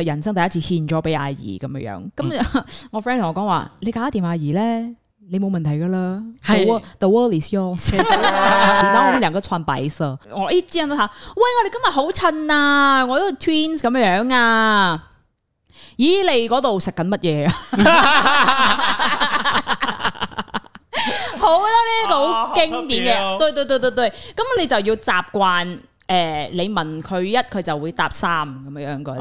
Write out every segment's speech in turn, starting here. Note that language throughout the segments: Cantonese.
人生第一次獻咗俾阿姨咁樣樣，咁我 friend 同我講話：你搞掂阿姨咧，你冇問題噶啦。係，the world is yours、哎。然後我哋兩個串白色我一見到他，喂，我哋今日好襯啊，我都 twins 咁樣樣啊。咦，嚟嗰度食緊乜嘢啊？好啦，呢個好經典嘅，對對對對對，咁你就要習慣。誒、呃，你問佢一佢就會答三。咁樣樣嘅。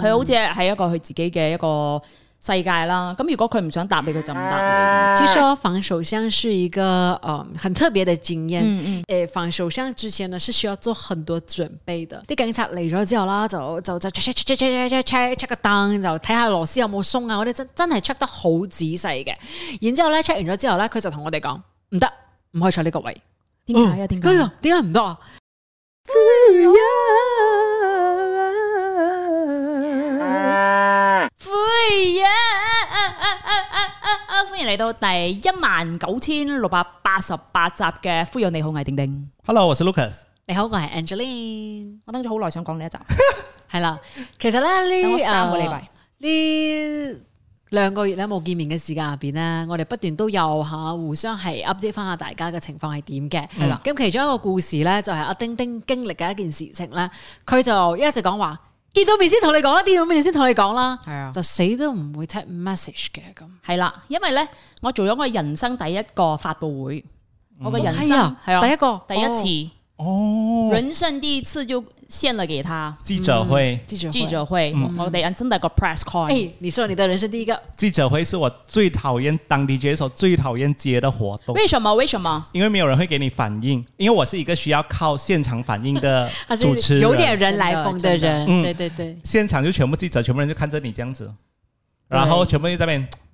佢好似係一個佢自己嘅一個世界啦。咁如果佢唔想答，佢就唔答、啊。其實訪首相是一個、嗯、很特別嘅經驗誒，訪首相之前呢是需要做很多準備嘅。啲警察嚟咗之後啦，就就就 check check check check check check check 個燈，就睇下螺絲有冇鬆啊。我哋真真係 check 得好仔細嘅。然之後咧 check 完咗之後咧，佢就同我哋講唔得，唔可以坐呢個位。點解啊？點、哦、解？點解唔得啊？哎呀係啊！歡迎嚟到第一萬九千六百八十八集嘅《Fuyoh 你好，魏丁丁》。Hello，我是 Lucas。你好，我係 Angeline。我等咗好耐，想講呢一集。係啦，其實咧呢啊呢兩個月咧冇見面嘅時間入邊咧，我哋不斷都有吓互相係 update 翻下大家嘅情況係點嘅。係啦，咁其中一個故事咧就係阿丁丁經歷嘅一件事情咧，佢就一直講話。見到面先同你講啦，見到面先同你講啦，係啊，就死都唔會 check message 嘅咁，係啦，因為咧我做咗我人生第一個發佈會，嗯、我嘅人生係、哦、啊，啊，第一個第一次哦，哦，人生第一次就。獻了給他記者，嗯、記者會，記者會，嗯，哦，對，真的有個 press call。哎，你說你的人生第一個記者會是我最討厭，當 DJ 手最討厭接的活動。為什麼？為什麼？因為沒有人會給你反應，因為我是一個需要靠現場反應的主持人 有點人來瘋的人的、嗯的，對對對，現場就全部記者，全部人就看着你這樣子，然後全部就在那邊。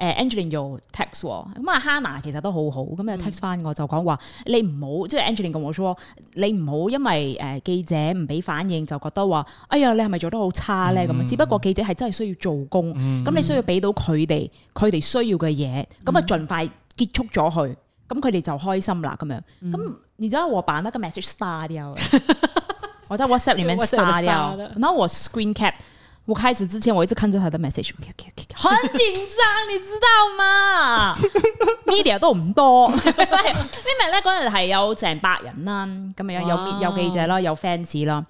誒、uh, Angeline 做 text 喎，咁啊 Hanna 其實都好好，咁啊 text 翻我說、嗯、就講、是、話你唔好，即係 Angeline 咁冇你唔好因為誒記者唔俾反應，就覺得話哎呀你係咪做得好差咧咁啊？只不過記者係真係需要做工，咁、嗯、你需要俾到佢哋佢哋需要嘅嘢，咁、嗯、啊盡快結束咗佢，咁佢哋就開心啦咁樣。咁然之後我辦得個 message star 掉，我真 WhatsApp 嚟 message 刪掉，然後我 screen cap。我開始之前，我一直看着佢的 message，很緊張， 你知道嗎 ？media 都唔不多，因為呢嗰日係有成百人啦，咁樣有有記者啦，有 fans 啦，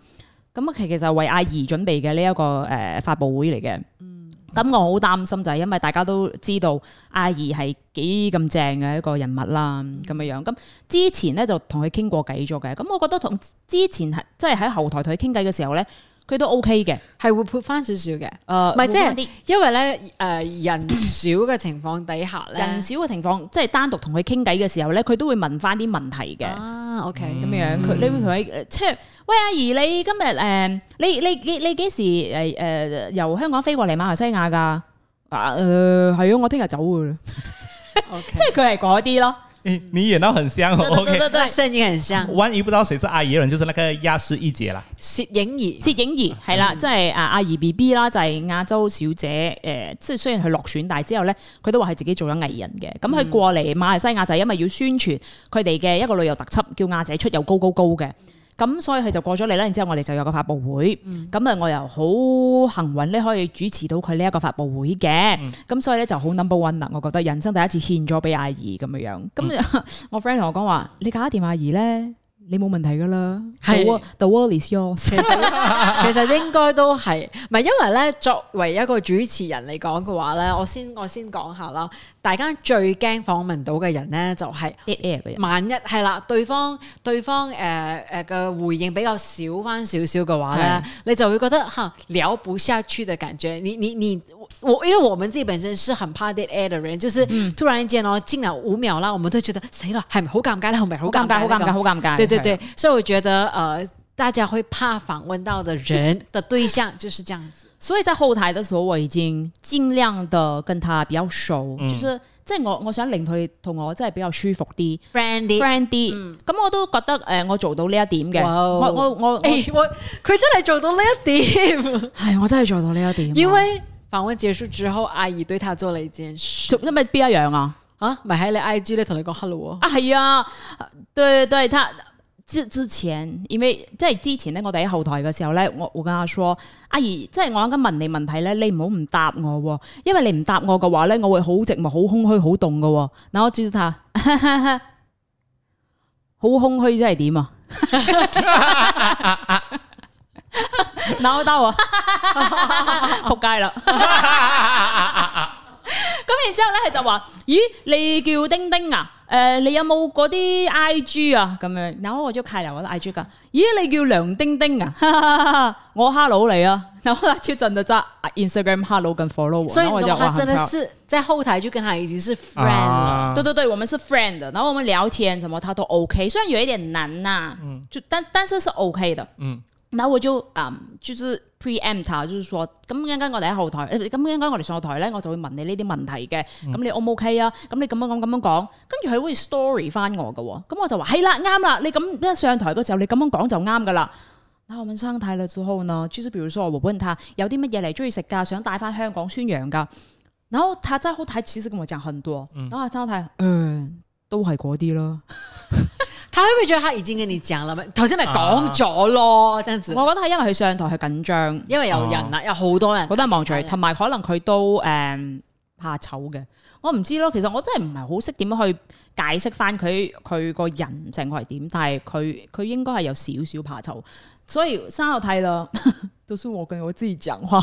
咁啊其其實是為阿儀準備嘅呢一個誒發布會嚟嘅，嗯，咁我好擔心就係因為大家都知道阿儀係幾咁正嘅一個人物啦，咁樣樣，咁之前咧就同佢傾過偈咗嘅，咁我覺得同之前係即係喺後台同佢傾偈嘅時候咧。佢都 OK 嘅，係會潑翻少少嘅。誒、呃，唔係即係，就是、因為咧誒人少嘅情況底下咧，人少嘅情況即係單獨同佢傾偈嘅時候咧，佢都會問翻啲問題嘅。啊，OK，咁、嗯、樣佢你會同佢，即、就、係、是、喂阿儀，你今日誒、呃，你你你你幾時誒誒、呃呃、由香港飛過嚟馬來西亞噶？啊，誒係啊，我聽日走噶。即係佢係嗰啲咯。欸、你演到很像，哦嗯 okay，對對對，聲音很像。萬一不知道誰是阿儀人，人就是那個亞視一姐、啊、啦，攝影儀，攝影儀，係啦，即係阿阿儀 B B 啦，就係、是、亞洲小姐。誒、呃，即係雖然佢落選，但係之後咧，佢都話係自己做咗藝人嘅。咁佢過嚟馬來西亞就係因為要宣傳佢哋嘅一個旅遊特輯，叫亞姐出又高高高嘅。咁所以佢就過咗嚟啦，然之後我哋就有個發佈會，咁啊、嗯、我又好幸運咧，可以主持到佢呢一個發佈會嘅，咁、嗯、所以咧就好 number one 啦，我覺得人生第一次獻咗俾阿姨咁樣樣，咁、嗯、 我 friend 同我講話，你搞掂阿姨咧。你冇問題噶啦，係，The world is yours。 其實應該都係，唔係因為咧，作為一個主持人嚟講嘅話咧，我先我先講下啦。大家最驚訪問到嘅人咧，就係、是、萬一係啦，對方對方誒誒嘅回應比較少翻少少嘅話咧，你就會覺得吓聊不下去嘅感覺。你你你。你我因為我們自己本身是很怕 dead air 的人，就是突然之間哦，靜了五秒啦，我們都覺得，死啦，係咪好尷尬，呢？係咪好尷尬，好尷尬，好尷尬，好尷尬對對對對對對，對對對，所以我覺得，誒、呃，大家會怕訪問到的人的對象就是這樣子。 所以在後台的時候，我已經盡量的跟他比較熟，嗯、就是即係我我想令佢同我真係比較舒服啲 friendly，friendly 咁、嗯嗯、我都覺得誒、呃，我做到呢一點嘅，我我、欸、我我佢真係做到呢一點，係 我真係做到呢一點， 因為。訪問結束之後，阿姨對他做了一件事，做咩邊一樣啊？啊，咪喺你 IG 咧同你講 hello 啊？係、哎、啊，對對，對，對他之之前，因為即係之前咧，我哋喺後台嘅時候咧，我我跟他說，阿姨，即、就、係、是、我啱啱問你問題咧，你唔好唔答我，因為你唔答我嘅話咧，我會好寂寞、好空虛、好凍㗎。嗱，我接住他，好空虛即係點啊？ 然後到我仆街啦，咁、 啊、 然之後咧就，佢就話：咦，你叫丁丁啊？誒、呃，你有冇嗰啲 I G 啊？咁樣，嗱我就開嚟我啲 I G 噶、啊。咦，你叫梁丁丁啊？哈哈哈哈我 hello 你啊，然後佢真的在 Instagram hello 跟 follow 我，所以嘅話真的是在後台就跟他已經是 friend 啦、啊。對對對，我們是 friend，然後我們聊天什麼，他都 O K。雖然有一點難啦、啊嗯，就但但是是 O、OK、K 的。嗯。嗱我就誒 j u、um, preempt 啊，just 咁陣間我哋喺後台，誒咁陣間我哋上台咧，我就會問你呢啲問題嘅，咁、嗯、你 O 唔 OK 啊？咁你咁樣講，咁樣講，跟住佢會 story 翻我嘅，咁我就話係啦，啱啦，你咁一上台嘅時候，你咁樣講就啱噶啦。嗱，問生太啦，好啦，just 比如說我本人睇有啲乜嘢嚟中意食噶，想帶翻香港宣揚噶。然我睇真係好睇，其實咁我仲恨多。嗱我生太，嗯。都係嗰啲咯，佢會唔會做黑衣戰嘅孽障啦？頭先咪講咗咯，真係，我覺得係因為佢上台佢緊張，因為有人啦、啊，啊啊啊有好多人、人、啊我覺人啊嗯，我都得望住，同埋可能佢都誒怕醜嘅，我唔知道咯。其實我真係唔係好識點樣去解釋翻佢佢個人性格係點，但係佢佢應該係有少少怕醜，所以生我睇啦，到時我跟我自己講話，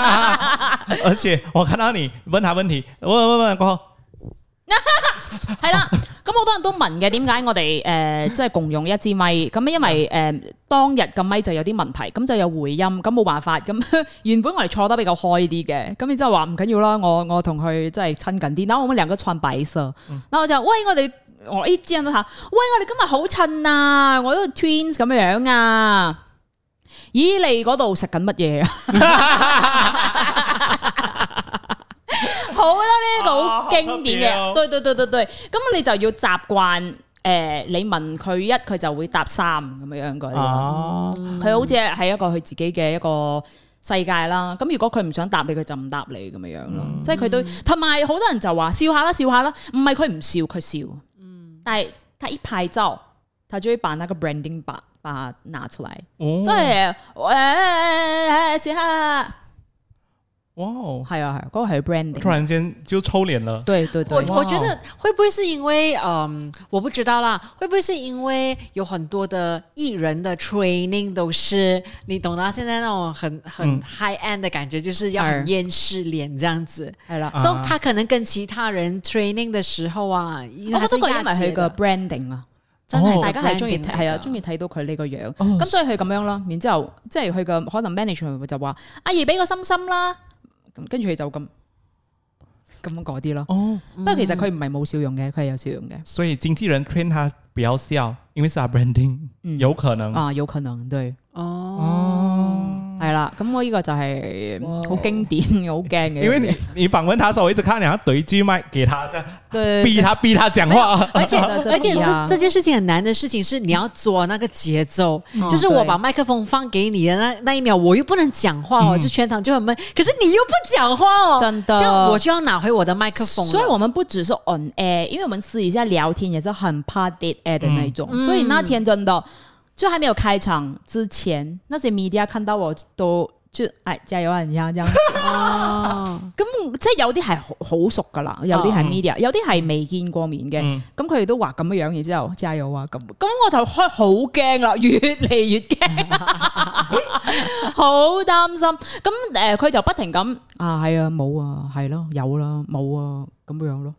而且我看到你問下問題，我問問係 啦，咁好多人都問嘅，點解我哋誒即係共用一支咪？咁因為誒、呃、當日個咪就有啲問題，咁就有回音，咁冇辦法。咁原本我哋坐得比較開啲嘅，咁然之後話唔緊要啦，我我同佢即係親近啲。嗱，我哋兩個坐埋一晒。嗱，我就喂我哋，我呢支人都喂我哋今日好襯啊！我都 twins 咁樣呀。」啊！咦你嗰度食緊乜嘢？ 好啦。啊、好經典嘅，對對對對對，咁你就要習慣，誒、呃，你問佢一，佢就會答三咁樣樣嘅，佢、啊嗯、好似係一個佢自己嘅一個世界啦。咁如果佢唔想答你，佢就唔答你咁樣樣咯。嗯、即係佢都，同埋好多人就話笑下啦，笑下啦，唔係佢唔笑，佢笑。嗯，但係佢一拍照，佢就會扮一個 branding 把把拿出嚟，即係誒，笑、呃、下。哇！係啊，係，不過係 branding，突然間就抽臉了。對對對，wow、我我覺得會不會是因為，嗯，我不知道啦，會不會是因為有很多的藝人的 training 都是，你懂得，現在那種很很 high end 的感覺，嗯、就是要掩飾臉這樣子，係、啊、啦。So，、啊、他可能跟其他人 training 的時候啊，咁中國又咪佢個 branding、哦、還啊，真係大家係中意睇，係啊，中意睇到佢呢個樣。咁、哦、所以佢咁樣咯，然之後即係佢個可能 management 就話：阿爺俾個心心啦。跟住佢就咁咁嗰啲咯。哦，嗯、不過其實佢唔係冇笑容嘅，佢係有笑容嘅。所以經紀人 train 他比較笑，因為是 branding、嗯。有可能啊，有可能對。哦。嗯。係啦，咁我呢個就係好經典、好驚嘅。因為你你訪問他時候，我一直看你，要對一句麥，給他啫，逼他逼他講話而且 而且，這這件事情很難的事情是你要做那個節奏、嗯，就是我把麥克風放給你的那那一秒，我又不能講話哦、嗯，就全場就很悶。可是你又不講話哦，真的，這樣我就要拿回我的麥克風。所以我們不只是 on air，因為我們私底下聊天也是很怕 dead air 的那一種、嗯。所以那天真的。就還沒有開場之前，那些 media 看到我都就，哎，加油啊！咁樣，咁 樣哦。咁，即係有啲係好,好熟噶啦，有啲係 media，有啲係未見過面嘅。咁佢哋都話咁樣樣，然之後加油啊！咁，咁我就開好驚啦，越嚟越驚， 好擔心。咁誒，佢、呃、就不停咁啊，係啊，冇啊，係咯、啊，有啦，冇啊，咁、啊、樣咯、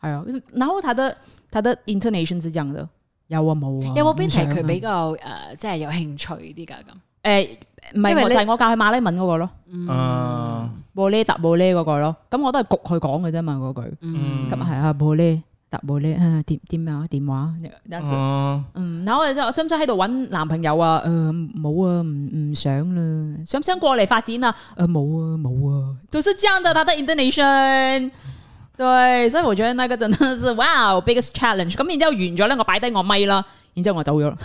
啊，係啊。然後他的他的,的 intonation 是這樣的。有啊，冇啊？有冇邊題佢比較，誒即係有興趣啲㗎咁？誒，唔係就係我教佢馬拉文嗰個咯，嗯，布列達布列嗰個咯，咁我都係焗佢講嘅啫嘛嗰句，咁係啊布列達布列啊點點啊電話，嗯，嗱、嗯嗯嗯嗯、我哋就我想唔想喺度揾男朋友啊？誒、呃、冇啊，唔唔想啦，想唔想過嚟發展啊？誒冇啊，冇啊，啊啊都到時將到得 Indonesia。對，所以我覺得嗰陣係 wow biggest challenge、嗯。咁然之後完咗咧，我擺低我咪啦，然之後我走咗。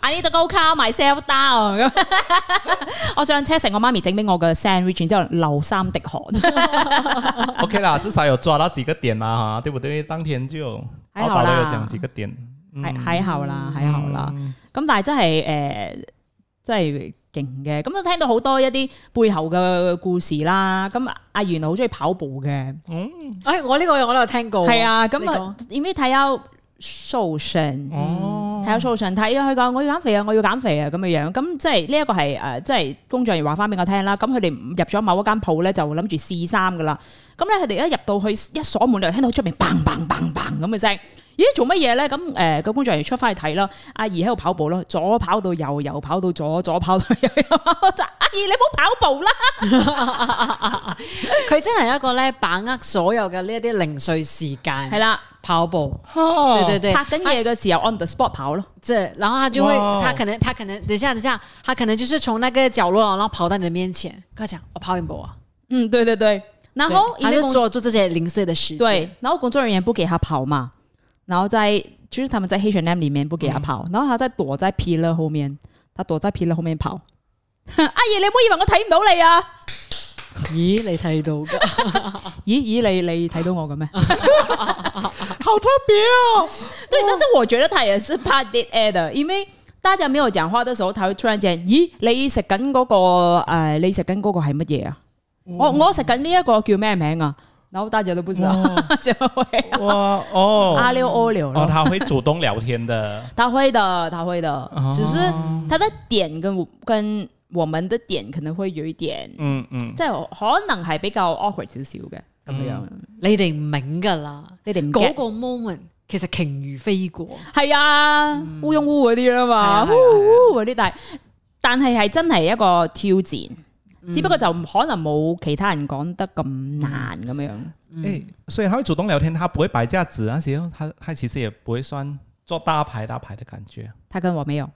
I need to go calm myself down、嗯。 我上車，食我媽咪整俾我嘅 sandwich，然之後流三滴汗。 OK 啦，至少有抓到幾個點啦、啊、嚇，對唔對？當天就我好啦，哦哦、好到有講幾個點，還還好啦、嗯，還好啦。咁、嗯嗯、但係真係即係。呃勁嘅，咁都聽到好多一啲背後嘅故事啦。咁阿源好鍾意跑步嘅，嗯，哎，我呢個我都有聽過，係啊，咁啊，有咩睇啊？solution 睇 solution 睇啊！佢、so、講我要減肥啊！我要減肥啊！咁嘅樣，咁即係呢一個係誒即係工作人員話翻俾我聽啦。咁佢哋入咗某一間鋪咧，就諗住試衫噶啦。咁咧，佢哋一入到去一鎖門，就聽到出邊 bang bang bang bang 咁嘅聲。咦，做乜嘢咧？咁誒個工作人員出翻去睇啦。阿姨喺度跑步咯，左跑到右，右跑到左，左跑到右，右跑到左。你唔好跑步啦！佢真係一個咧，把握所有嘅呢一啲零碎時間，係啦，跑步。哦、對對對，等你一個小 on the spot 跑了，對，然後他就會他，他可能，他可能，等下等下，他可能就是從那個角落，然後跑到你的面前。佢講：我跑一波。嗯，對對對。然後，他就做做這些零碎的時間。然後工作人員不給他跑嘛，然後在，就是他們在黑犬 M 裏面不給他跑，然後他在躲在 P 了後面，他躲在 P 了後面跑。阿、哎、爺，你唔好以為我睇唔到你啊！咦，你睇到嘅？ 咦咦，你你睇到我嘅咩？ 好特別啊！對、哦，但是我覺得他也是怕 dead air 的、哦，因為大家沒有講話的時候，他會突然間，咦，你食緊嗰個誒、呃，你食緊嗰個係乜嘢啊？哦、我我食緊呢一個叫咩名啊？然後大家都不知道，哦、 就係、啊、哦阿廖奧廖啦，他會主動聊天的，哦、他會的，他會的，哦、只是他的點跟跟。我們的點可能會有一點，嗯嗯，即係可能係比較 awkward 少少嘅咁、嗯、樣。你哋唔明噶啦，你哋嗰個 moment 其實鯨魚飛過，係啊，烏擁烏嗰啲啦嘛，嗰啲、啊啊啊、但係但係係真係一個挑戰、嗯，只不過就可能冇其他人講得咁難咁、嗯、樣。誒、嗯欸，所以佢會主動聊天，他不會擺架子，而且他他其實也不會算做大牌大牌嘅感覺。他跟我沒有。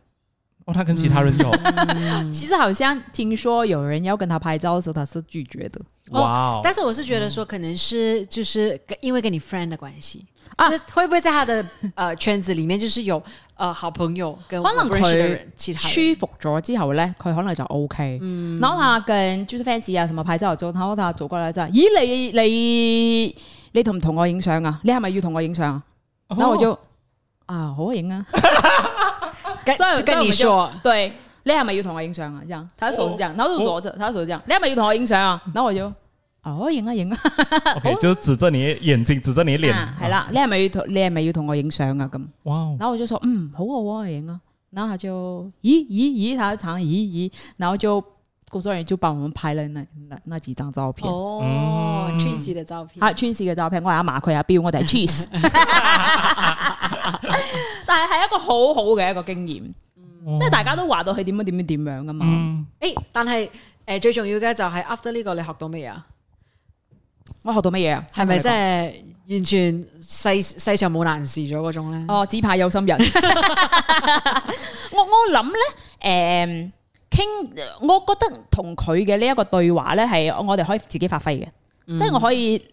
哦、他跟其他人有， 其實好像聽說有人要跟他拍照的時候，他是拒絕的。哇、wow、哦！但是我是覺得說，可能是就是跟因為跟你 friend 的關係，就、啊、是會不會在他的呃圈子裡面，就是有呃好朋友跟認識的人，舒服咗之後呢，佢可能就 OK。嗯，那我同跟就是 Fancy 啊，什麼拍照又做，我同阿走過來就咦，你你你同唔同我影相啊？你係咪要同我影相啊？哦、然那我就啊，好影啊。 去跟，跟你說，對，你係咪要同我影相啊？這樣，他的手是這樣，他就坐着、哦，他的手是這樣，你係咪要同我影相啊？那我就，哦，影啊影啊，OK、哦、就指着你眼睛，指着你臉，係、啊啊、啦，你係咪要同，你係咪要同我影相啊？咁，哇，然後我就說，嗯，好，好啊，我影啊，然後他就，咦咦咦，咦，他在唱咦咦，咦，然後就工作人員就幫我們拍了那那那幾張照片，哦，Tracy、嗯嗯啊、的照片，啊，Tracy 的照片，啊馬啊、我阿媽佢阿表，我哋係 cheese。 但係係一個很好好嘅一個經驗、嗯，即係大家都話到佢點樣點樣點樣噶嘛。誒、嗯欸，但係誒、呃、最重要嘅就係 after 呢個你學到咩啊？我學到乜嘢啊？係咪即係完全世世上冇難事咗嗰種咧？哦，只怕有心人。 我我諗咧，誒、呃，傾我覺得同佢嘅呢一個對話咧，係我哋可以自己發揮嘅，即、嗯、係、即係、我可以即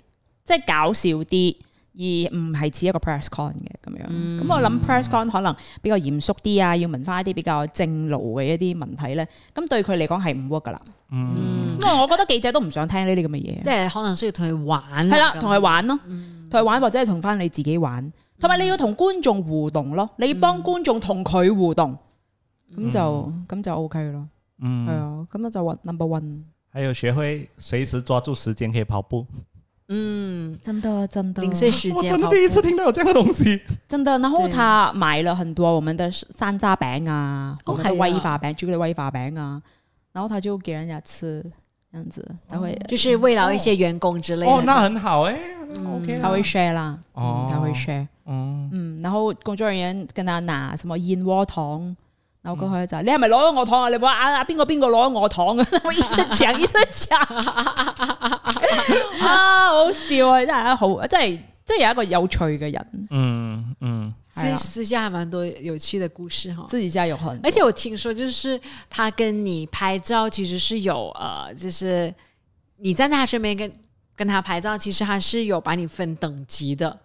係、即係、搞笑啲。而唔係似一個 press con 嘅咁樣、嗯，咁、嗯、我諗 press con 可能比較嚴肅啲啊，要問翻一啲比較正路嘅一啲問題咧，咁對佢嚟講係唔 work 噶啦。嗯，嗯，因為我覺得記者都唔想聽呢啲咁嘅嘢。即係可能需要同佢玩、啊。係啦，同佢玩咯，同佢玩或者係同翻你自己玩，同埋你要同觀眾互動咯，你要幫觀眾同佢互動，咁、嗯、就咁就 OK 咯。嗯，係啊，咁啊就 number one。係要學會隨時抓住時間可以跑步。嗯，真的真的，零碎時間，我、啊、真的第一次聽到有這個東西。真的，然後他買了很多我們的山楂餅啊，我們的威化餅，巧克力威化餅啊，然後他就給人家吃，這樣子、嗯、他會就是慰勞一些員工之類的。哦，哦那很好哎、欸嗯、，OK，他會 share 啦，哦嗯、他會 share，嗯,嗯，然後工作人員跟他拿什麼燕窩糖，然後過去就、嗯、你係咪攞咗我糖啊？你冇啊，阿邊個邊個攞咗我糖啊？我 一次搶一次搶。 啊，好笑啊！真係好，真係真係有一個有趣的人。嗯嗯，私私下還蠻多有趣的故事哈，自己家有很，而且我聽說，就是他跟你拍照，其實是有，呃，就是你站在他身邊跟跟他拍照，其實他是有把你分等級的。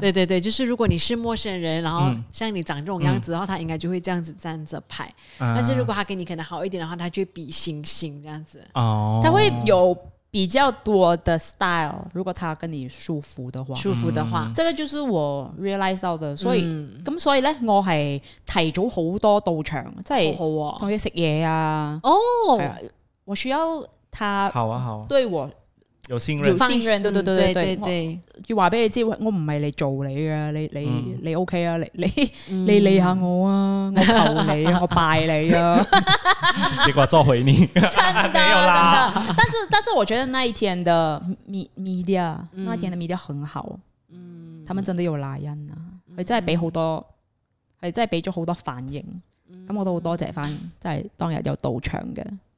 對對對，就是如果你是陌生人，然後像你長這種樣子的話，嗯、他應該就會這樣子站着拍、嗯。但是如果他跟你可能好一點的話，他就會比心心這樣子。哦，他會有。比較多的 style，如果他跟你舒服的話，嗯、舒服的話、嗯，這個就是我 realize 到的。所以嗯，咁所以咧，我係提早好多到場，即、就、係、是啊、好好、哦、啊，同佢食嘢啊。哦，我需要他好啊好。啊，對，我。有信任、嗯，對對對對對，要話俾你知，我唔係嚟做你㗎，你你、嗯、你 OK 啊，你你你理下我啊，我求你、嗯，我拜你啊，嗯嗯、 你結果做回你，冇、啊、 啦、啊。但是但是，我覺得那一天的 media，那一天的 media 很好，嗯，他們真的有拉人啊，佢真係俾好多，係真係俾咗好多反應，咁、嗯、我都好多謝翻，真係當日有到場嘅。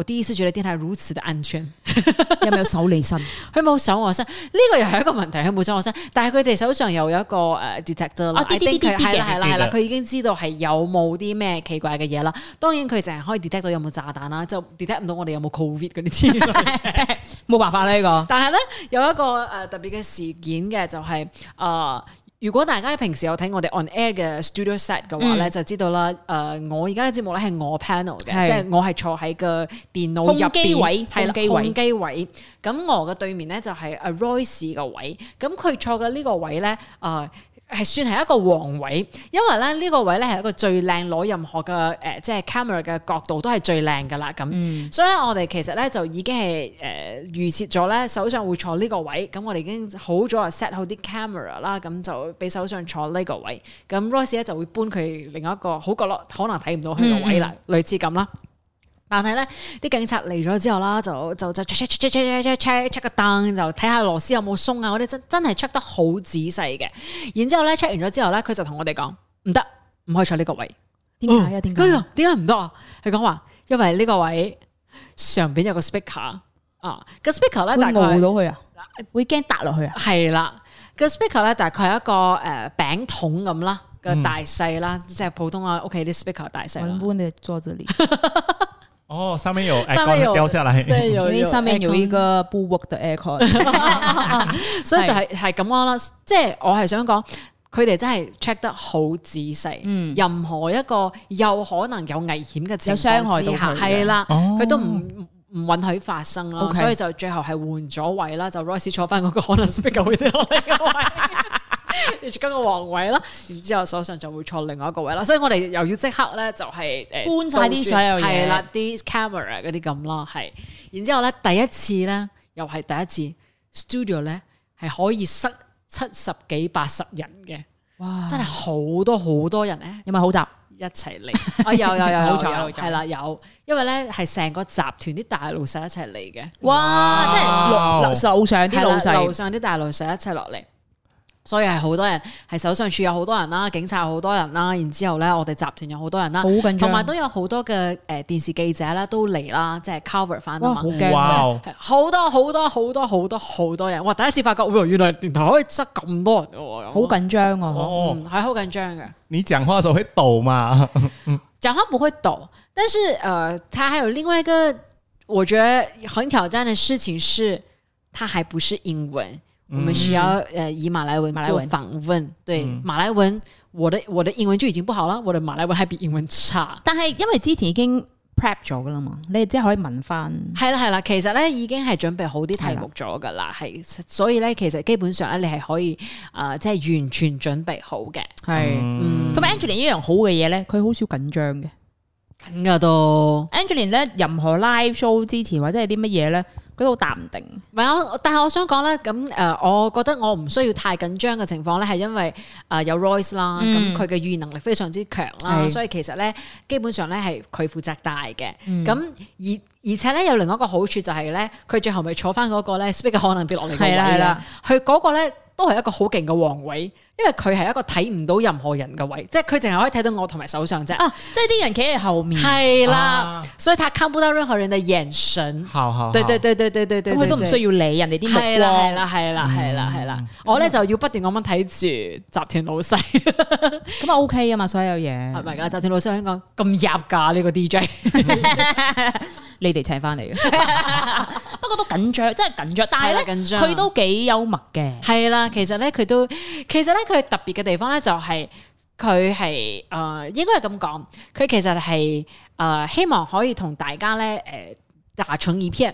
我第一次覺得電台如此的安全，有冇有搜你身？佢 冇搜我身，呢、這個又係一個問題，佢冇搜我身。但係佢哋手上又有一個誒 detector 啫啦，係啦，係啦，係啦，佢已經知道係有冇啲咩奇怪嘅嘢啦。當然佢淨係可以 detect 到有冇炸彈啦，就 detect 唔到我哋有冇 COVID 嗰啲之類，冇 辦法啦、這個、 呢個。但係咧有一個誒、uh, 特別嘅事件嘅就係、是、誒。Uh, 如果大家平時有睇我哋 on air 嘅 studio set 嘅話咧、嗯，就知道啦，呃。我而家嘅節目咧係我 panel 嘅，即係我係坐喺個電腦入邊位，係啦，控機位。咁我嘅對面咧就係阿 Royce 嘅位，咁佢坐嘅呢個位咧，呃係算係一個王位，因為咧呢個位咧係一個最靚，攞任何嘅誒、呃，即係 camera 嘅角度都係最靚噶啦咁。嗯、所以我哋其實咧就已經係誒預設咗咧，首相會坐呢個位。咁我哋已經好早啊，set 好啲 camera 啦，咁就俾首相坐呢個位。咁 Royce 咧就會搬佢另外一個好角落，可能睇唔到佢個位啦，嗯、類似咁啦。但係咧，啲警察嚟咗之後啦，就就就 check check check check check check check 個燈，就睇下螺絲有冇鬆啊！我哋真真係 check 得好仔細嘅。然之後咧 check 完咗之後咧，佢就同我哋講唔得，唔可以坐呢個位。點解啊？點、哦、解？點解唔得啊？佢講話，因為呢個位上邊有個 speaker 啊，個 speaker 咧大概會冒到去啊，會驚搭落去啊。係啦，個 speaker 咧大概一個誒餅、呃、桶咁啦嘅大細啦、嗯，即係普通啊屋企啲 speaker 大細。 哦，上面有，上面有掉下來，因為上面有一個不 work 的 aircon，所以就係係咁樣啦。即係我係想講，佢哋真係 check 得好仔細，任何一個有可能有危險嘅情況之下，係啦，佢都唔唔允許發生。所以就最後係換咗位啦，就 Royce 坐翻嗰個可能比較好啲嘅位。 跟個王位啦，然之後手上就會坐另外一個位啦，所以我哋又要即刻咧就係、是、搬晒啲所有嘢，係啦啲 camera 嗰啲咁咯，係，然之後咧第一次咧又係第一次 studio 咧係可以塞七十幾八十人嘅，哇，真係好多好多人咧，有冇好雜一齊嚟？啊有有有有，係啦 有， 有， 有，因為咧係成個集團啲大老細一齊嚟嘅，哇，即係樓上啲老細，樓上啲大老細一齊落嚟。所以係好多人，係首相處有好多人啦，警察好多人啦，然之後咧，我哋集團有好多人啦，好緊張，同埋都有好多嘅誒電視記者啦，都嚟啦，即係 cover 翻好驚，好、哦、多好多好多好多好多人，我第一次發覺，原來電台可以執咁多人緊、啊嗯、好緊張哦，係好緊張嘅。你講話時候會抖嗎？ 講話不會抖，但是誒，佢、呃、還有另外一個我覺得很挑戰嘅事情是，他還不是英文。嗯、我們需要，誒，以馬來文做訪問，對，馬來文，我的我的英文就已經不好啦，我的馬來文還比英文差，但係因為之前已經 prep 咗噶啦嘛，你即係可以問翻，係啦係啦，其實咧已經係準備好啲題目咗噶啦，係，所以咧其實基本上咧你係可以，誒、呃，即、就、係、是、完全準備好嘅，係，咁、嗯、啊、嗯、，Angeline 呢樣好嘅嘢咧，佢好少緊張嘅。咁都，Angeline 咧，Angelina，任何 live show 之前或者係啲乜嘢咧，佢都好淡定。係啊，但係我想講咧，咁誒，我覺得我唔需要太緊張嘅情況咧，係因為誒有 Royce 啦、嗯，咁佢嘅預判能力非常之強啦，所以其實咧，基本上咧係佢負責帶嘅。咁、嗯、而而且咧有另外一個好處就係、是、咧，佢最後咪坐翻嗰個咧，Speak 嘅可能跌落嚟個位啦。佢嗰個咧都係一個好勁嘅皇位。因為佢係一個睇唔到任何人嘅位，即係佢淨係可以睇到我同埋手上啫。啊，即係啲人企喺後面。係啦，所以他看不到任何人嘅眼神。a c t i o n 對對對對對對對，咁佢都唔需要理人哋啲目光。係啦係啦係啦係啦，我咧、嗯、就要不斷咁樣睇住集團老細。咁、嗯、啊 OK 啊嘛，所有嘢係咪啊？集、oh、團老細香港咁入噶呢個 DJ， 你哋請翻嚟。 不過都緊張，真係緊張。但係咧，緊張、佢都幾幽默嘅。係啦，其實咧佢都，其實咧。佢特別嘅地方咧、就是，就係佢係誒，應該係咁講，佢其實係誒、呃，希望可以同大家咧誒、呃、打成一片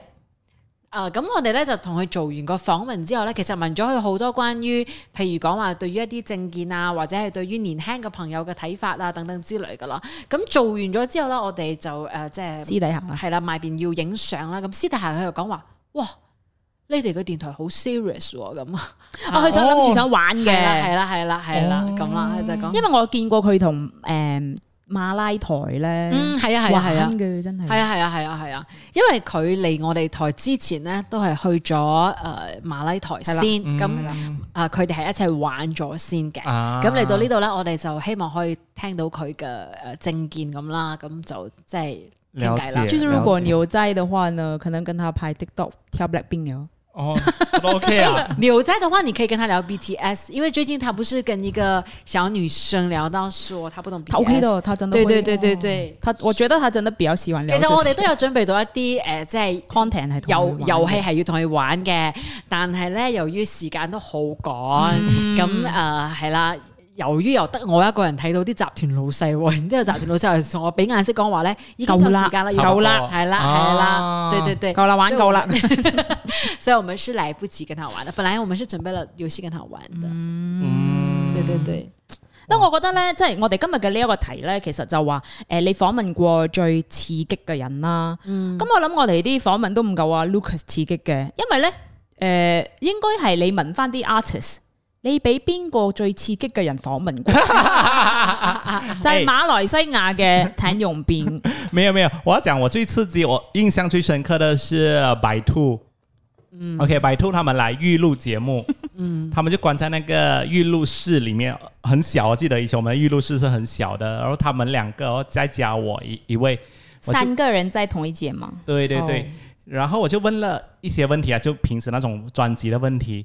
啊。咁、呃、我哋咧就同佢做完個訪問之後咧，其實問咗佢好多關於譬如講話對於一啲政見啊，或者係對於年輕嘅朋友嘅睇法啊等等之類噶啦。咁做完咗之後咧，我哋就誒即係私底下係啦，外邊要影相啦。咁私底下佢又講話，哇！你哋個電台好 serious 喎、哦，咁啊，佢、哦哦、想諗住想玩嘅，係、哦、啦，係啦，係啦，咁啦，就係咁，因為我見過佢同誒馬拉台咧，嗯，係啊，係啊，玩嘅真係，係啊，係啊，係啊，係啊，因為佢嚟我哋台之前咧，都係去咗誒、呃、馬拉台先，咁、嗯嗯呃、啊，佢哋係一齊玩咗先嘅，咁嚟到呢度咧，我哋就希望可以聽到佢嘅誒政見咁啦，咁就即係了解啦。就是如果牛仔嘅話呢，可能跟他拍 TikTok 跳 Black b 哦、 oh, that's，OK 啊！牛仔的話，你可以跟他聊 BTS，因為最近他不是跟一個小女生聊到，說他不懂 BTS OK 的，他真的、哦，對對對對對，他，我覺得他真的比較喜歡聊。其實我哋都有準備到一啲誒，即、呃、係、就是、content 係遊遊戲係要同佢玩嘅，但係咧由於時間都好趕，咁啊係啦。由於又得我一個人睇到啲集團老細，然之後集團老細又同我俾眼色講話咧，已經夠時間啦，夠啦，係啦，係啦、啊，對對對，夠啦玩夠啦，所以我們， 以我們是嚟不及跟他玩的。本來我們是準備了遊戲跟他玩的。嗯，嗯，對對對。那、嗯、我覺得咧，即、就、係、是、我哋今日嘅呢一個題咧，其實就話誒、呃，你訪問過最刺激嘅人啦。咁、嗯、我諗我哋啲訪問都唔夠啊，Lucas 刺激嘅，因為咧誒、呃，應該係你問翻啲 artist。你俾邊個最刺激嘅人訪問過？就 係 馬來西亞嘅譚詠麟。 沒有沒有，我要講我最刺激，我印象最深刻的是白兔。嗯，OK，白兔他們來預錄節目，嗯， 他們就關在那個預錄室裏面，很小。我記得以前我們的預錄室是很小的，然後他們兩個再、哦、加我一一位，三個人在同一節嗎？ 對對對、哦，然後我就問了一些問題啊，就平時那種專輯的問題。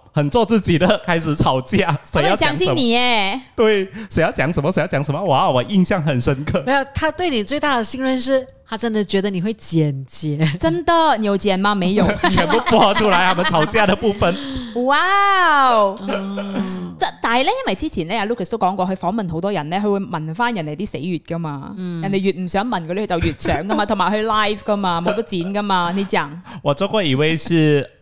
很做自己的開始吵架，誰要相信你？耶？對，誰要講什麼？誰要講什麼？哇，我印象很深刻。沒有，他對你最大的信任是，他真的覺得你會剪輯，真的。你有剪嗎？沒有， 全部播出來他們吵架的部分。 哇、嗯、 但但係咧，因為之前咧，阿 Lucas 都講過，去訪問好多人咧，佢會問翻人哋啲死穴噶嘛，嗯、人哋越唔想問嗰啲，就越想噶嘛，同埋佢 live 噶嘛，冇 得剪噶嘛，你講。我做過一位是。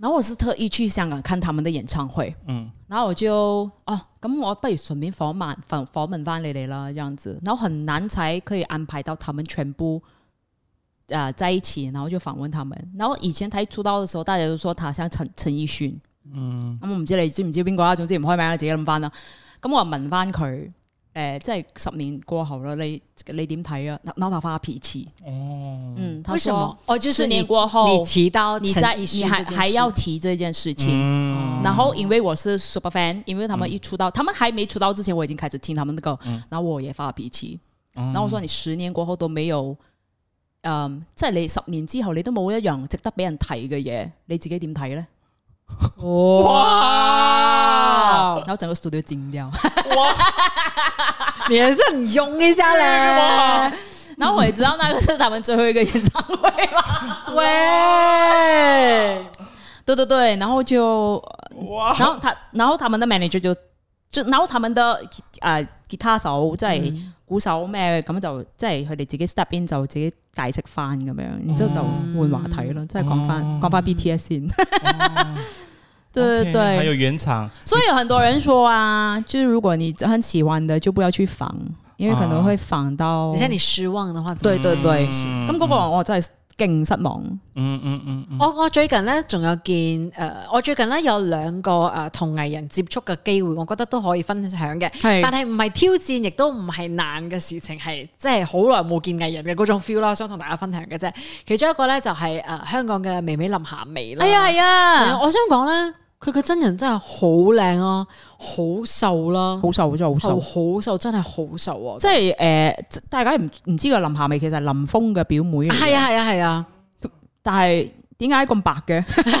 然後我是特意去香港看他們的演唱會，嗯，然後我就哦，咁、啊、我不如順便訪問訪訪問翻你哋啦，這樣子，然後很難才可以安排到他們全部啊、呃、在一起，然後就訪問他們。然後以前他一出道的時候，大家都說他像陳陳奕迅，嗯，咁我唔知你知唔知邊個啦，總之唔開名啦，自己諗翻啦。咁我問翻佢。誒、呃，即係十年過後啦，你你點睇啊？扭頭發脾氣。哦，嗯，他說，為什麼？哦，即係十年過後你，你提到你再，你還還要提這件事情。嗯、然後因為我是 super fan、嗯、因為他們一出道、嗯，他們還沒出道之前，我已經開始聽他們的、那、歌、個、嗯，然後我也發脾氣。然後我說你十年過後都沒有，嗯，即、嗯、係、呃、你十年之後，你都冇一樣值得俾人睇嘅嘢，你自己點睇咧？哦、哇！然後整個 studio 驚掉！哇！臉色很凶一下咧！哇！然後我也知道那個是他們最後一個演唱會了。喂哇！對對對，然後就哇！然後他，然後他們的 manager 就，就然後他們的呃吉他手，即、就、係、是、鼓手咩，咁就即係佢哋自己 step in 就自己。解釋返咁樣，然之後就換話題咯。即、嗯、係講翻、嗯、講翻 BTS 先。 對對對，okay, 還有原廠。所以有很多人說啊，就是如果你很喜歡的，就不要去訪、啊，因為可能會訪到。如果你失望的話、嗯，對對對，咁嗰、嗯那個、個我再。嗯我真勁失望，嗯嗯嗯，嗯，我我最近咧仲有件誒，我最近咧有兩、呃、個誒同藝人接觸嘅機會，我覺得都可以分享嘅，係，但係唔係挑戰，亦都唔係難嘅事情，係即係好耐冇見藝人嘅嗰種 feel 啦，想同大家分享嘅啫。其中一個咧就係、是、誒、呃、香港嘅微微林夏薇啦，係啊，係啊、嗯，我想講咧。佢嘅真人真係好靚啦，好瘦啦、啊，好瘦真係好瘦，好瘦真係好瘦啊！即係誒、呃，大家唔唔知個林夏薇其實係林峰嘅表妹嚟嘅，係啊係啊係啊，但係。點解咁白嘅？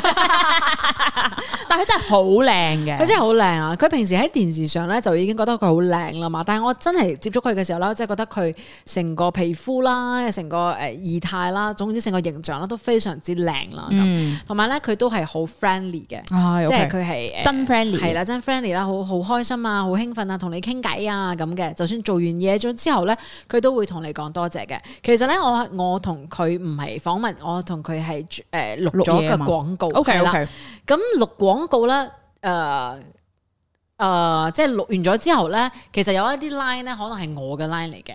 但係佢真係好靚嘅，佢真係好靚啊！佢平時喺電視上咧就已經覺得佢好靚啦嘛。但係我真係接觸佢嘅時候咧，即係覺得佢成個皮膚啦、成個誒儀態啦，總之成個形象啦都非常之靚啦。嗯，同埋咧佢都係好 friendly 嘅，哎、okay, 即係佢係真 friendly 係啦，真 friendly 啦，好好開心啊，好興奮啊，同你傾偈啊咁嘅。就算做完嘢咗之後咧，佢都會同你講多謝嘅。其實咧，我我同佢唔係訪問，我同佢係誒。呃錄錄咗個廣告 ok 啦，咁錄廣告咧，誒、呃、誒、呃，即係錄完咗之後咧，其實有一啲 line 咧，可能係我嘅 line 嚟嘅。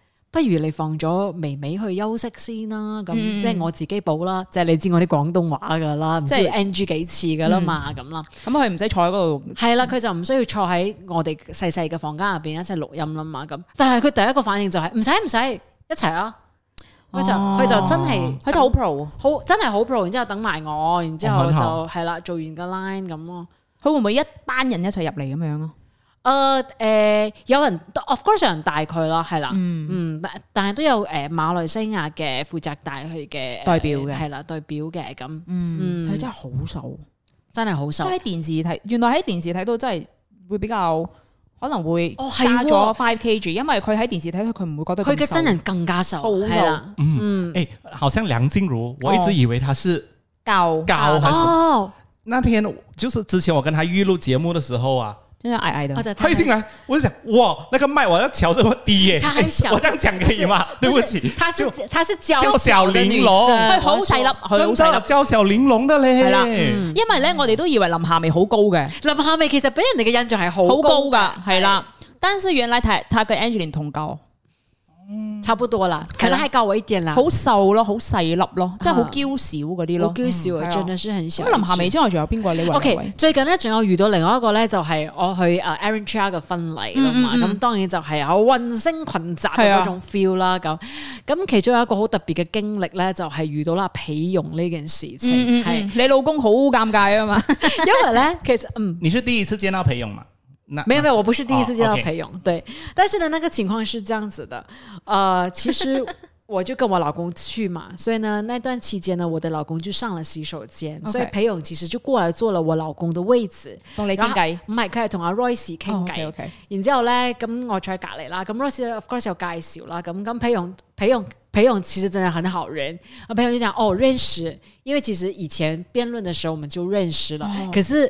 不如你放咗微微去休息先啦，咁即係我自己補啦，即係你知我啲廣東話噶啦，即係 NG 幾次噶啦嘛，咁啦，咁佢唔使坐喺嗰度。係啦，佢就唔需要坐喺我哋細細嘅房間入邊一齊錄音啦嘛，咁。但係佢第一個反應就係唔使唔使一齊啊，佢就佢就真係佢就好 pro，好真係好 pro，然之後等埋我，然之後就係啦，做完個 line 咁咯。佢會唔會一班人一齊入嚟咁樣啊？誒、呃，誒、呃，有人，of course 有人帶佢咯，係啦，嗯，嗯但但係都有誒、呃、馬來西亞嘅負責帶佢嘅代表嘅，係啦，代表嘅咁、呃，嗯，佢、嗯、真係好瘦，真係好瘦。即係電視睇，原來喺電視睇到真係會比較，可能會 5K, 哦係咗 five kg，因為佢喺電視睇到佢唔會覺得佢嘅真人更加瘦，好啦，嗯，誒、嗯欸，好像梁靜茹、哦，我一直以為佢係高是高，哦，那天就是之前我跟他預錄節目嘅時候啊。真係矮矮的，佢一進來我就想，哇，那個麥我要調這麼低誒、欸欸，我這樣講可以嘛、就是就是？對不起，他是他是嬌小玲瓏，佢好細粒，好細粒嬌小玲瓏的咧。嗯、因為呢，我哋都以為林夏薇好高嘅、嗯，林夏薇其實俾人哋嘅印象係好高㗎，係啦，但是原來佢，他跟 Angeline 同高。差不多啦，可能係高位一點啦，好瘦細咯，好細粒咯，即係好嬌小嗰啲咯，嬌小啊，真係是很少。咁、嗯、林夏薇之外，仲有邊個你？OK，最近咧仲有遇到另外一個咧，就係、是、我去啊 Aaron Chia 嘅婚禮嘛，咁、嗯嗯嗯、當然就係有萬星群集嗰種 feel 啦。咁咁其中有一個好特別嘅經歷咧，就係、是、遇到啦皮勇呢件事情，係、嗯嗯嗯、你老公好尷尬啊嘛， 因為咧其實嗯，你是第一次見到皮勇嘛？ 沒有沒有，我不是第一次見到裴勇，哦，對。但是呢，那個情況是這樣子的， 呃，其實我就跟我老公去嘛，所以呢，那段期間呢，我的老公就上了洗手間， 所以裴勇其實就過來坐了我老公的位置。同你傾偈，唔係可以同阿 Royce 傾偈。然之後咧，咁、哦 okay, okay，我坐喺隔籬啦，咁 Royce of course 又介紹啦，咁咁裴勇，裴勇，裴勇其實真的很好人。阿、啊、裴勇就講，哦，認識，因為其實以前辯論的時候我們就認識了，哦，可是。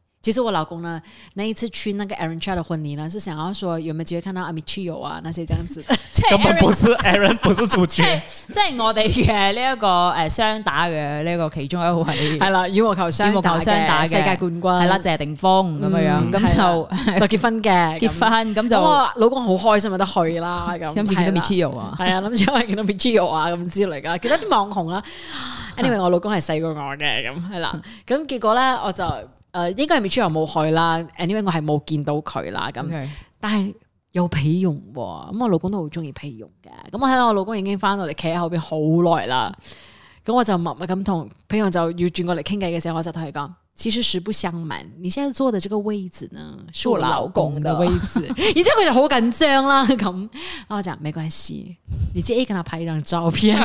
其實我老公呢，那一次去那個 Aaron Chia 的婚禮呢，是想要說，有冇機會看到 Mitchell 啊，那些這樣子，根本不是 Aaron，不 是主角，即係我哋嘅呢一個誒雙打嘅呢個其中一位，係啦，羽毛球雙羽毛球雙打嘅世界冠軍，係啦，謝定峰咁樣，咁、嗯、就、啊、就結婚嘅， 結婚咁就，我老公好開心有得去啦，咁諗住見到 Mitchell 啊，係啊，諗住因為見到 Mitchell 啊咁之類噶，其他啲網紅啦、啊、Anyway，我老公係細過我嘅，咁係啦，咁結果咧我就。誒，應該係未最後冇去啦。Anyway，我係冇見到佢啦，咁，但係有皮茸喎。咁我老公都好中意皮茸嘅。咁我睇到我老公已經翻到嚟，企喺後邊好耐啦。咁我就默默咁同皮茸就要轉過嚟傾偈嘅時候，我就同佢講：其實實不相瞞，你現在坐嘅這個位置呢，是我老公嘅位置。然之後佢就好緊張啦咁。我就說沒關係，你自己跟他拍一張照片。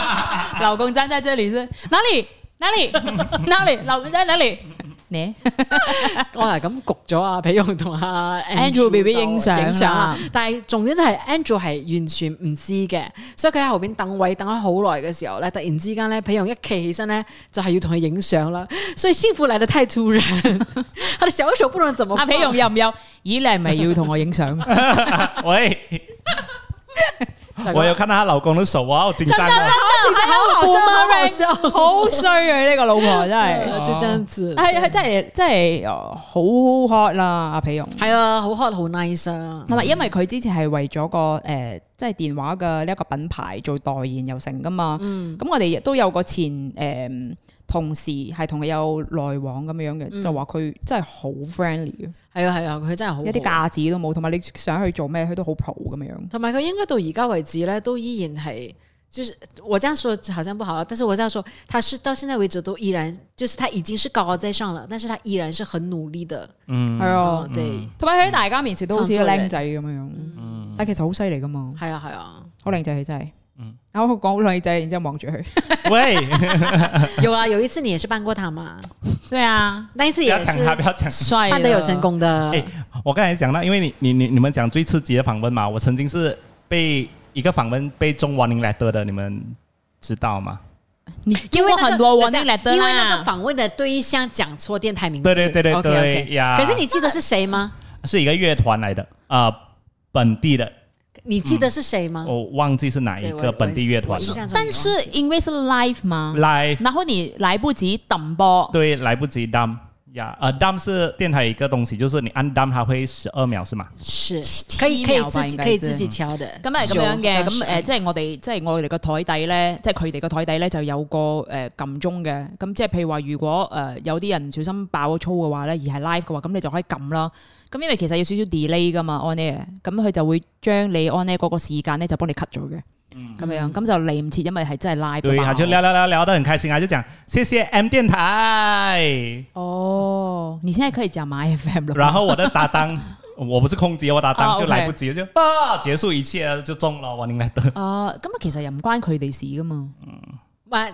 老公站在這裏是哪裏？哪裏？哪裏？老公在哪裏？我係咁焗咗啊！皮勇同阿 Angel BB 影相，但係重點就係 Angel 係完全唔知嘅，所以佢喺後邊等位等咗好耐嘅時候咧，突然之間咧，皮 勇一企起身咧，就係、是、要同佢影相啦。所以幸福嚟得太突然， 佢哋小手不能怎麼、啊？阿皮勇又唔又，咦你係咪要同我影相？喂。 我 有看到她老都傻手，哇！好緊我啊，好好衰啊！呢個老婆真係，就咁子，係，真係真係好 hot 啦，阿皮容，係啊，好 hot，好 nice 啊。同埋、嗯，因為佢之前係為咗個誒，即、呃、係電話嘅呢一個品牌做代言又成噶嘛，咁、嗯嗯、我哋亦都有個前誒。呃同時係同佢有來往咁樣嘅，就話佢真係好 friendly 嘅、嗯，係啊係啊，佢、啊、真係好一啲架子都冇，同埋你想去做咩，佢都好 pro 咁樣。同埋佢應該到而家為止咧，都依然係，就是我這樣說好像不好，但是我這樣說，他是到現在為止都依然，就是他已經是高高在上了，但是他依然是很努力的，嗯，係、嗯、啊，對。同埋喺大家面前、嗯、都好似一個靚仔咁樣，但其實好犀利噶嘛，係啊係啊，好靚仔佢真係。嗯，然後好不容易在人家王爵會，喂， 有啊，有一次你也是扮過他嘛？對啊，那一次也是，不要搶他，不要搶，扮得有成功的。哎，我剛才講到，因為你你你你們講最刺激的訪問嘛，我曾經是被一個訪問被中 warning letter 的，你們知道嗎？你聽過很多 warning letter 的，因為那個訪問的對象講錯電台名字， 對對對對對，對 okay, okay.、Yeah. 可是你記得是誰嗎？ 是一個樂團來的啊、呃，本地的。你記得是誰嗎？我、嗯哦、忘記是哪一個本地樂團。但是因為是 live 嘛？live，然後你來不及 dump 對，來不及 dump。呀、yeah, 啊，呃 dump 是電台一個東西，就是你按 dump，它會十二秒，是嗎是,是，可以自己可以自己可以自己調的。咁、嗯嗯、咁樣嘅，咁誒，即係、呃就是、我哋即係我哋個、就是、台底咧，即係佢哋個台底咧就有個誒撳、呃、鐘嘅。咁即係譬如話，如果誒、呃、有啲人唔小心爆粗嘅話咧，而係 live 嘅話，咁你就可以撳囉。咁因為其實有少少 delay 噶嘛，on air，咁佢就會將你 on air 嗰個時間咧就幫你 cut 咗嘅。咁、嗯、樣，咁就嚟唔切，因為係真係 live。對，就聊聊聊聊得很開心啊，他就講謝謝 M 電台。哦，你現在可以講埋 My FM 咯。 然後我的打單，我不是空姐，我打單就來不及、啊 okay. 就、啊，結束一切就中了，我應該得。哦，咁啊，其實又唔關佢哋事噶嘛。嗯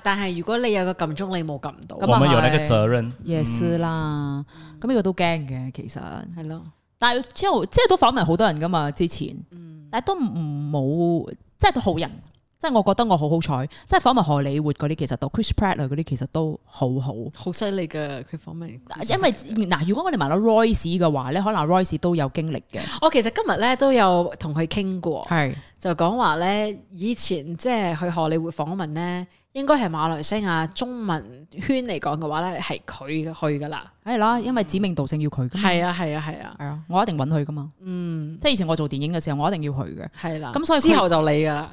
但係如果你有個撳鐘，你冇撳到。我咪、就是、有呢個責任。也、嗯、是啦，咁呢個都驚嘅，其實係咯。但係之後即係都訪問好多人噶嘛，之前、嗯，但係都唔冇，即係都好人，即係我覺得我好好彩，即係訪問荷里活嗰啲，其實到 Chris Pratt 嗰啲，其實都好好，好犀利嘅佢訪問。Chris、因為嗱，如果我哋問到 Royce 嘅話咧，可能 Royce 都有經歷嘅。我其實今日咧都有同佢傾過，係就講話咧以前即係去荷里活訪問咧。應該係馬來西亞中文圈嚟講嘅話咧，係佢去噶啦，係咯，因為指名道姓要佢。係、嗯、啊，係啊，係啊，係啊，我一定揾佢噶嘛。嗯，即係以前我做電影嘅時候，我一定要去嘅。係啦，咁所以之後就你噶啦。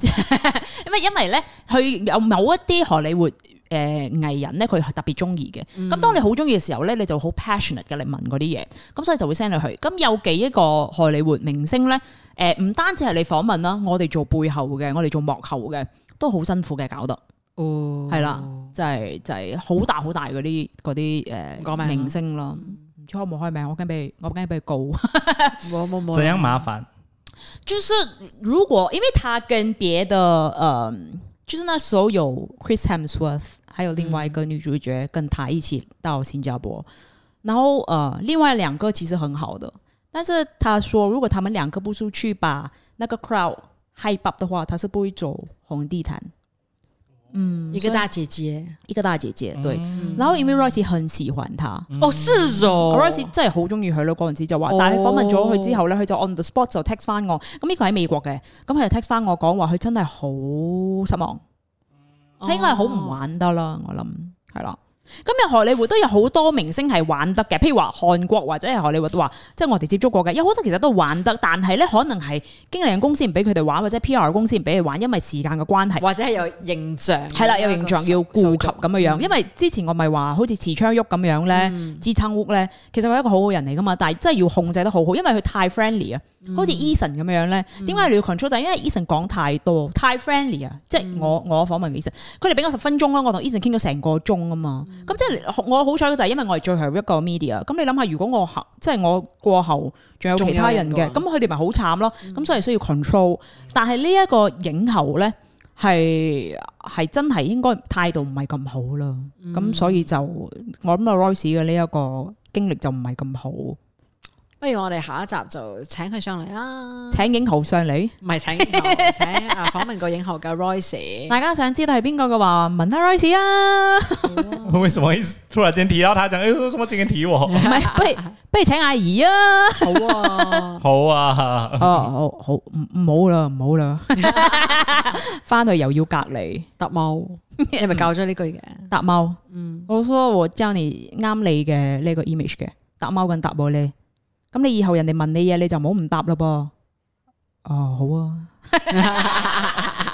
因為因為咧，佢有某一啲荷里活誒藝、呃、人咧，佢係特別中意嘅。咁當你好中意嘅時候咧，你就好 passionate 嘅嚟問嗰啲嘢。咁所以就會 send 你去。咁有幾一個荷里活明星咧，誒、呃、唔單止係你訪問啦，我哋做背後嘅，我哋做幕後嘅都好辛苦嘅，搞得。哦、嗯，係啦，就係、是、就係、是、好大好大嗰啲嗰啲誒明星咯，唔知開唔開名，我驚俾我驚俾佢告。冇冇冇。怎樣麻煩？就是如果因為他跟別的，誒、呃，就是那時候有 Chris Hemsworth，還有另外一個女主角跟他一起到新加坡，嗯、然後，誒、呃，另外兩個其實很好的，但是他說如果他們兩個不出去把那個 crowd hype up 的話，他是不會走紅地毯。嗯，一個大姐姐，一個大姐姐，對。嗯、然後因為 Royce 很喜歡她，嗯啊啊、Royce 歡她哦，是哦 Royce 真係好中意佢咯。嗰陣時就話，但係訪問咗佢之後咧，佢就 on the spot 就 text 翻我。咁呢個喺美國嘅，咁佢就 text 翻我講話，佢真係好失望。佢應該係好唔玩得啦、哦。我諗係咯。今日荷里活都有好多明星係玩得嘅，譬如話韓國或者係荷里活都話，即係我哋接觸過嘅，有好多其實都玩得，但係咧可能係經理人公司唔俾佢哋玩，或者 PR 公司唔俾佢玩，因為時間嘅關係，或者係有形象，係啦，有形象要顧及咁嘅樣。嗯、因為之前我咪話好似池昌旭咁樣咧，嗯、支撐屋咧，其實佢係一個好好人嚟噶嘛，但係真係要控制得好好，因為佢太 friendly 啊，嗯、好似 Eason 咁樣咧，點解你要 control 就係因為 Eason 講太多，太 friendly 啊，嗯、即係我我訪問 Eason，佢哋俾我十分鐘啊，我同 Eason 傾咗成個鐘啊嘛。咁即係我好彩嘅就係因為我係最後一個 media，咁你諗下如果我後即係我過後仲有其他人嘅，咁佢哋咪好慘咯。咁、嗯、所以需要 control，但係呢一個影后咧係係真係應該態度唔係咁好啦。咁、嗯、所以就我諗阿 Royce 嘅呢一個經歷就唔係咁好。不如我哋下一集就請佢上嚟啦，請影豪上嚟，唔係請豪 請啊訪問個影后嘅 Royce， 大家想知道係邊個嘅話問下 Royce 啊。 為什麼突然間提到他？講、欸、誒，為什麼今天提我？唔 係，不如不如請阿姨啊， 好啊，好 啊，好好唔好啦，唔好啦，翻 去又要隔離，搭貓，你咪教咗呢句嘅，達、嗯、貓，嗯，我說我教你啱你嘅呢個 image 嘅，搭貓跟搭波咧。咁你以後人哋問你嘢，你就唔好唔答嘞噃。哦，好啊。